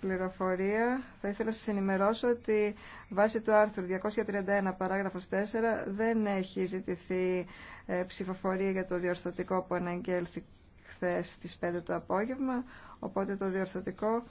πληροφορία, θα ήθελα να σας ενημερώσω ότι βάσει του άρθρου 231 παράγραφος 4 δεν έχει ζητηθεί ε, ψηφοφορία για το διορθωτικό που αναγγέλθηκε χθε στις 5 το απόγευμα, οπότε το διορθωτικό